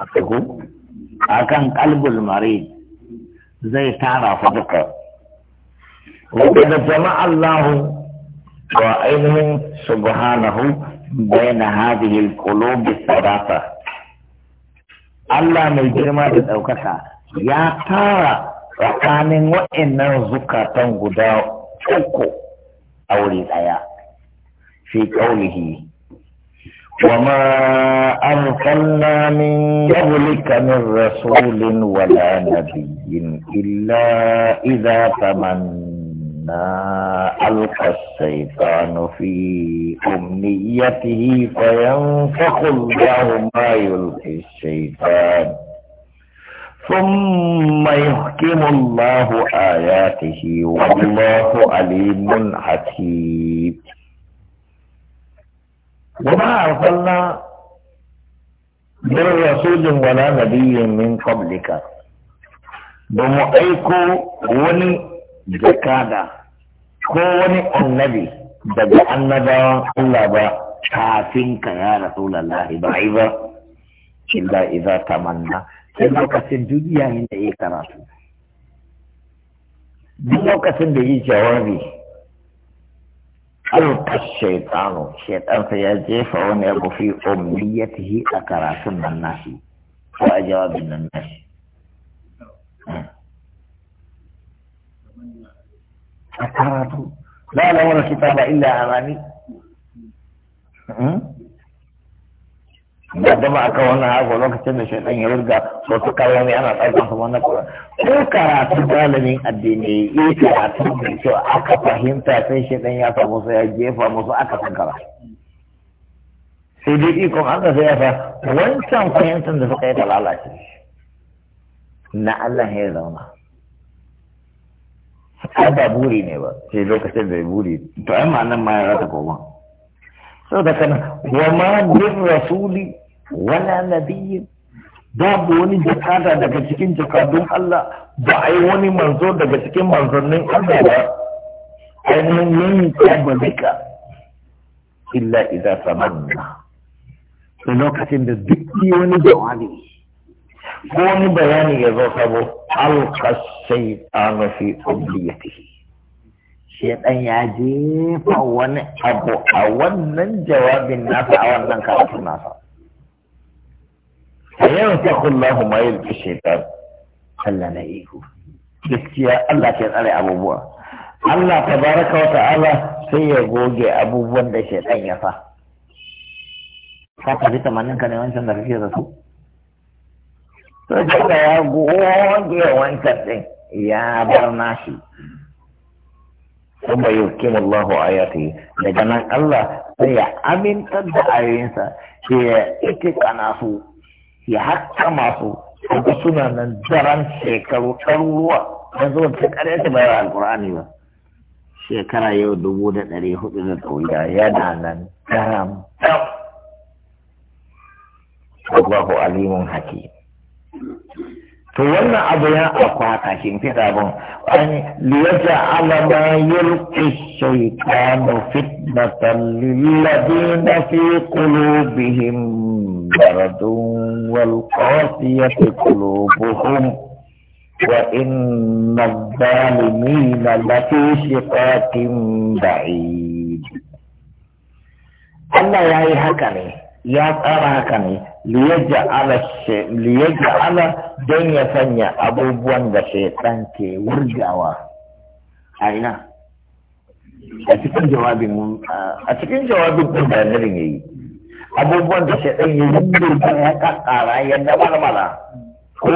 ku akan kalbul mare zai tara fa duka وقد جمع الله وعلم سبحانه بين هذه القلوب الثلاثة Allah mai girma da ɗaukaka ya tara tsakanin waɗannan zukatan guda uku a wuri ɗaya fi ƙaunihi وما أرسلنا من قبلك من رسول ولا نبي إلا إذا تمنى ألقى الشيطان في أمنيته فينفخ الله ما يلقي الشيطان ثم يحكم الله آياته والله عليم حكيم وما أرسلنا من رسول ولا نبي من قبلك بمؤيكو وني جكادا ko wani annabi daga annabawan Allah ba kafin ka ya Rasulullah ba ai ba illa sai lokacin duniya ne da ya karatu duk lokacin da yi jawabi alka shaitanu shaitansa ya jefa wani abu fi umniyatihi a karatun nan nashi ko a jawabin nan nashi hmm. a karatu la wani kitaba illa da dama aka wani hago lokacin da shaidan ya wurga so su kawo ne ana ɗaukar su wannan kuwa ko karatu malamin addini ya yi karatu da kyau aka fahimta sai shaidan ya samu sai ya jefa musu aka sankara sai dai ikon an sai ya fa wancan fahimtar da suka yi ta lalace na Allah ya zauna ai ba buri ne ba sai lokacin da ya buri to ai ma nan ma ya rata koma da kana wa ma bin rasuli wala nabiyyi babu wani jakada daga cikin jakadun Allah ba a yi wani manzo daga cikin manzannin Allah ba ainihin yin kabbalika illa idan samanna da lokacin da duk wani jawabi ko wani bayani ya zo sabo alkashai fi obliyatihi shaidan ya jefa wani abu a wannan jawabin nasa a wannan karatu nasa ينفق الله yin يلقي shekar Allah na iko gaskiya Allah ke tsare abubuwa Allah baraka wa ta'ala sai ya goge abubuwan da ke ya fa ka ka tamanin manin ka ne wancan da kake da su to da ya goge wancan din ya bar nashi kuma yukim Allah ayati daga nan Allah sai ya amintar da ayoyinsa ke ya kana su ya haƙa masu kaga suna nan daren shekaru ɗaruruwa zo ta ƙarya ta bayar alƙur'ani ba shekara yau dubu da ɗari hudu da ɗauriya yana nan daram Allahu alimun hakim to wannan abu ya akwata shimfiɗa bin an liyaja alama yulki shaitanu fitnatan lilladina fi qulubihim maradun wal qasiyati qulubuhum wa inna adh lafi shiqaqin ba'id Allah yayi haka ne ya tsara haka ne liyaja ala don ya sanya abubuwan da shaitan ke wurgawa a ina a cikin jawabin a cikin jawabin kun da yanarin ya yi abubuwan da shaitan ya wurga ya kakkara ya dabarmara ko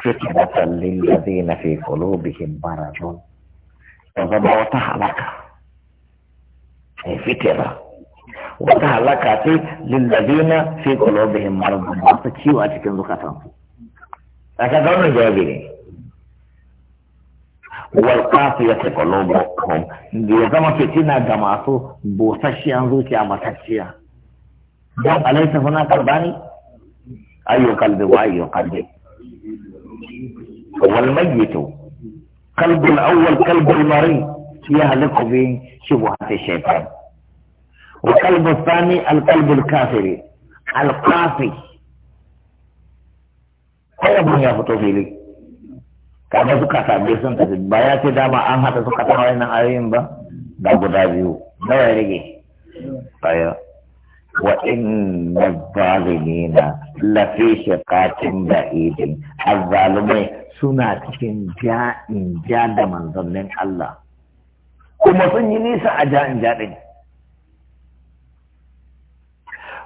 fitnatan lillazina fi qulubihim maradun ya zama wata halaka ai fitira wata halaka ce lillazina fi qulubihim maradun masu ciwo a cikin zukatansu a ka zauna jawabi ne wal qasiyati qulubuhum ya zama fitina ga masu busasshiyan zuciya mataciya dan alaita huna karbani ayyu qalbi wa ayyu qalbi wal mayyitu qalbu al awwal qalbu al marid yahliku bi shubuhati shaytan وقلب الثاني القلب الكافر القافي ko ya fito fili kaga suka sabbe sun tafi ba ya ce dama an haɗa suka ta wannan ayoyin ba ga guda biyu nawa ya rage aya wa inna zalimina la fi shiqatin ba'idin azzalumai suna cikin ja'in ja da manzannin Allah kuma sun yi nisa a ja'in ja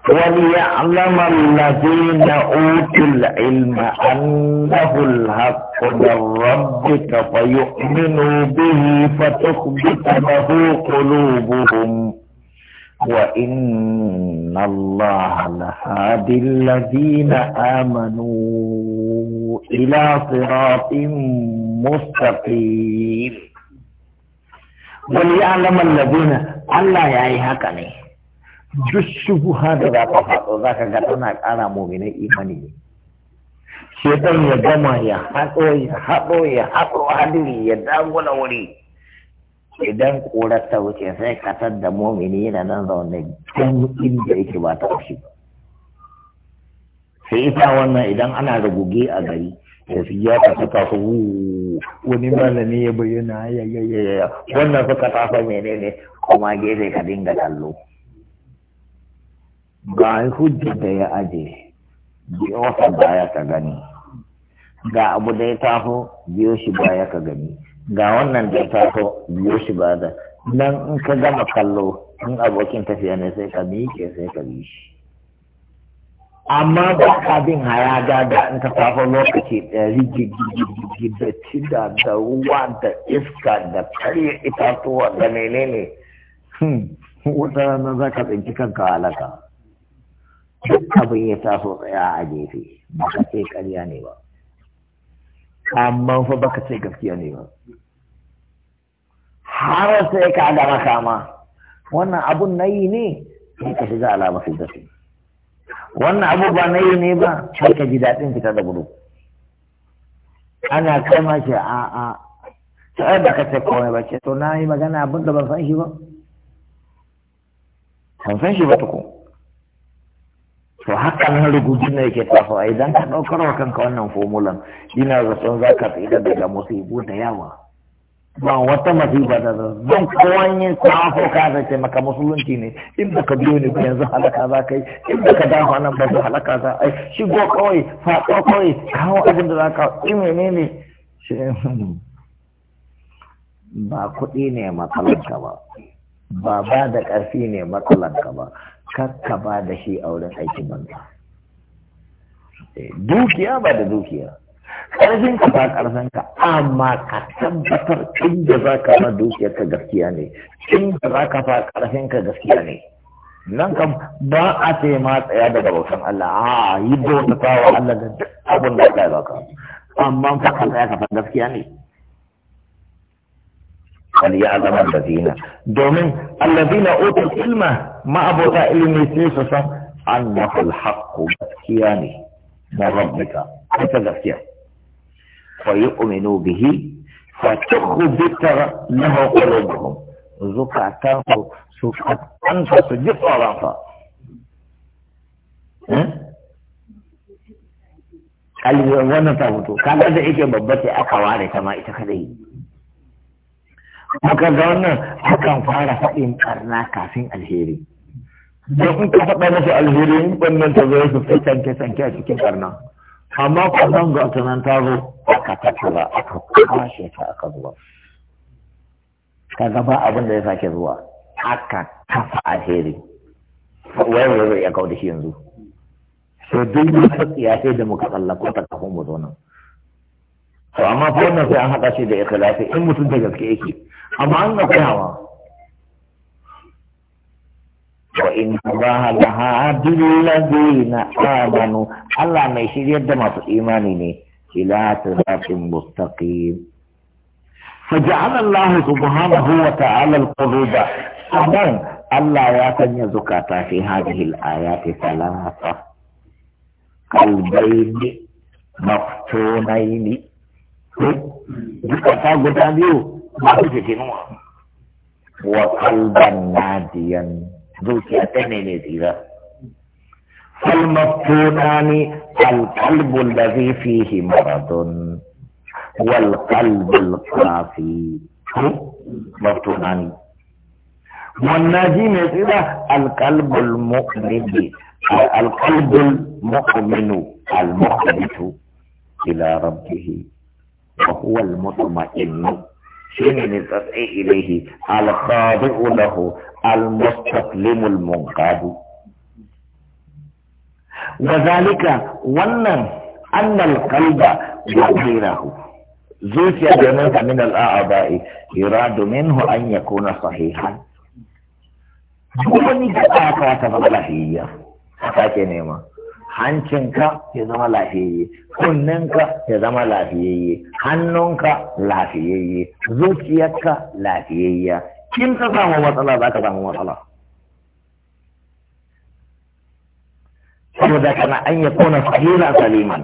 وليعلم الذين اوتوا العلم انه الحق من ربك فيؤمنوا به فتخبت له قلوبهم وان الله لهادي الذين امنوا الى صراط مستقيم وليعلم الذين الله يعيها كنيه duk shubuha da za ka faɗo za ka ga tana ƙara muminai imani ne ya gama ya haɗo ya haɗo ya haɗo hadiri ya dagula wuri idan ƙurar ta wuce sai katar da momini yana nan zaune can inda yake ba ta ƙashi sai ita wannan idan ana ruguge a gari tafiya ta suka su wani malami ya bayyana ya ya ya wannan suka tafa menene kuma gefe ka dinga kallo ga hujjar da ya aje biyo wata baya ka gani ga abu da ya taho biyo shi baya ka gani ga wannan da ya taho biyo shi ba da nan in ka gama kallo in abokin tafiya ne sai ka miƙe sai ka bi shi amma ba ka bin hayaga da in ka taho lokaci da rigigigigi da cida da ruwa da iska da karya itatuwa da menene hmm, wata na za ka tsinci kanka halaka. duk abin ya taso tsaya a gefe ba ka ce karya ne ba amma fa ba ka ce gaskiya ne ba har sai ka ga makama wannan abun na yi ne sai ka shiga alama fi zafi wannan abu ba na yi ne ba sai ka ji daɗin fita da gudu ana ma ce a a sai da ka ce komai ba ce to na yi magana abin da ban san shi ba ban san shi ba tukun to hakan na rubutun ne yake tafa idan ka ɗaukar wa kanka wannan fomulan ina zaton za ka tsira daga musibu da yawa ba wata masifa da don kowan yin tsafo ka zai maka musulunci ne in baka biyo ne ba yanzu halaka za ka yi in baka dafa nan ba su halaka za a shigo kawai faɗo kawai kawo abin da za ka yi ne. ba kuɗi ne matsalanka ba ba ba da ƙarfi ne matsalanka ba kakka ba da shi a wurin aikin banza eh, dukiya ba da dukiya ƙarfin ka ba ƙarfin ka amma ka tabbatar inda za ka ma dukiyar ka gaskiya ne inda za ka fa ƙarfin ka gaskiya ne nan kam ba a ce ma tsaya daga bautan Allah a yi bauta wa Allah da duk abin da ya baka amma fa ka tsaya ka fa gaskiya ne ان يعلم الذين دومين الذين اوتوا العلم ما ابو علم سيسسا انه الحق بسكياني من ربك فتذكر فيؤمنوا به فتخبت له قلوبهم زكاة سكت انفس جفرافا wannan ta hoto kaga da yake babba sai aka ware ta ma ita kadai maka ga wannan akan fara faɗin ƙarna kafin alheri don in ka faɗa masa alheri in ɓannan ta zo su sai canke canke a cikin ƙarna amma zan ga ta nan ta zo aka ba aka kwashe ta aka zuwa ka gaba abin da ya sake zuwa aka tafi alheri wai wai ya kawo da shi yanzu sai duk wata tsiya sai da muka tsallako ta kafin mu zo nan to amma fa wannan sai an haɗa shi da ikhlasi in mutum da gaske yake amma an na tsayawa wa in Allah la hadil ladina amanu Allah mai shiryar da masu imani ne ila siratin mustaqim فجعل الله سبحانه وتعالى القلوب أمان الله ياتن زكاتا في هذه الآيات ثلاثة قلبين مفتونين zukata guda biyu masu fitinuwa wa kalban nadiyan zuciya ta ne ne tsira فالمفتونان القلب الذي فيه مرض والقلب القافي مفتونان والناجي إذا القلب المؤمن القلب المؤمن المخبت إلى ربه فهو المطمئن حين نستطيع إليه الخاضع له المستقلم المنقاد وذلك ونن أن القلب يغيره زوجة جنات من الأعضاء يراد منه أن يكون صحيحا ومن يجب أعطاك فضلهية أعطاك نعمة hancinka ya zama lafiyayye kunninka ya zama lafiyayye hannunka lafiyayye zuciyarka lafiyayya kin ka samu matsala za ka samu matsala saboda kana an ya kona fahira saliman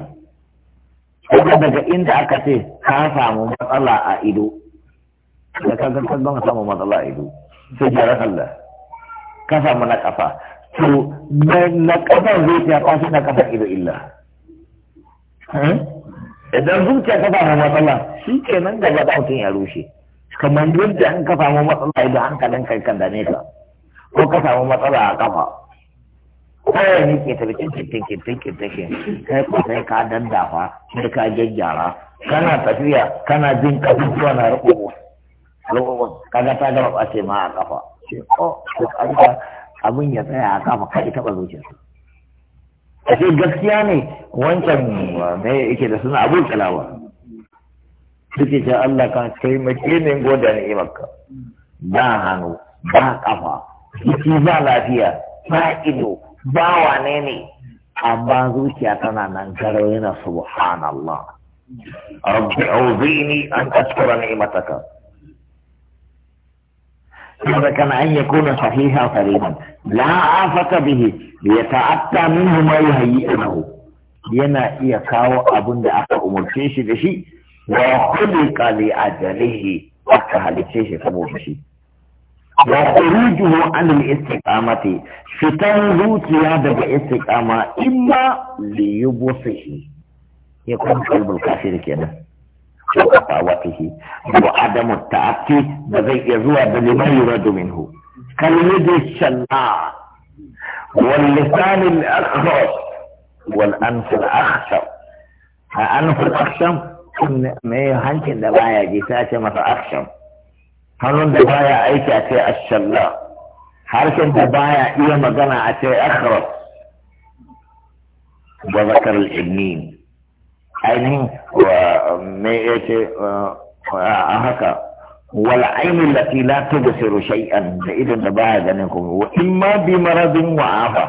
kuma daga inda aka ce ka samu matsala a ido da ka ga ka samu matsala a ido sai jarar Allah ka samu na kafa to na kafan zai ta kwashi na ƙasar ido illa eh? idan zuciya kafa samu matsala shi ke nan da zaɓa mutum ya rushe kamar yadda an kafa ma matsala idan hankalin kai kan dame ka ko ka samu matsala a kafa kawai ne ke tarkin cikin cikin cikin kai ko sai ka daddafa sai ka gyaggyara kana tafiya kana jin zuwa na riƙo riƙo kaga ta gaba ce ma a kafa ko abin ya tsaya a kafa kai taɓa zuciyarsa ce gaskiya ne wancan ne yake da suna abul kalawa suke ce Allah ka kai mace ne goda ne imarka ba hannu ba kafa jiki ba lafiya ba ido ba wane ne amma zuciya tana nan garau yana subhanallah rabbi auzini an ni mataka هذا كان أن يكون صحيحا سليما لا آفة به يتعطى منه ما يهيئ له ينا يكاو أبن دا أفا أمور شيشي بشي وخلق لأجله وكها لشيشي سبو بشي وخروجه عن الاستقامة شتان روتي هذا الاستقامة إما ليبوصه يكون قلب الكافر كده وقفاوته وعدم التأتي بذي يزوى بما يراد منه كاليد الشناع واللسان الأخرس والأنف الأخشر الأنف الأخشم مي هنك دبايا جيساتي ما فأخشم هنون دبايا baya أتي الشناع ce دبايا harshen da أتي أخرس وذكر الإبنين ainihin wa me yake a haka wal aini lati la tubsiru shay'an da idan da baya ganin kuma wa in ma bi maradin wa afa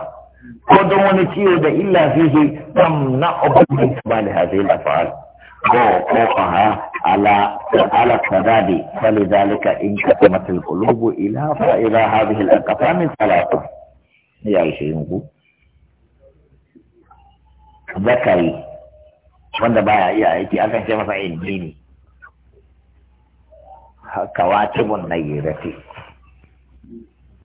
ko don wani ciwo da illa fihi tam na ubudi bal hadhihi al af'al ko ko ha ala ala sadadi falidhalika in katamat al qulub ila fa ila hadhihi al aqfam salatu ya shi ku zakari wanda baya iya aiki akan ce masa injini na nayyirati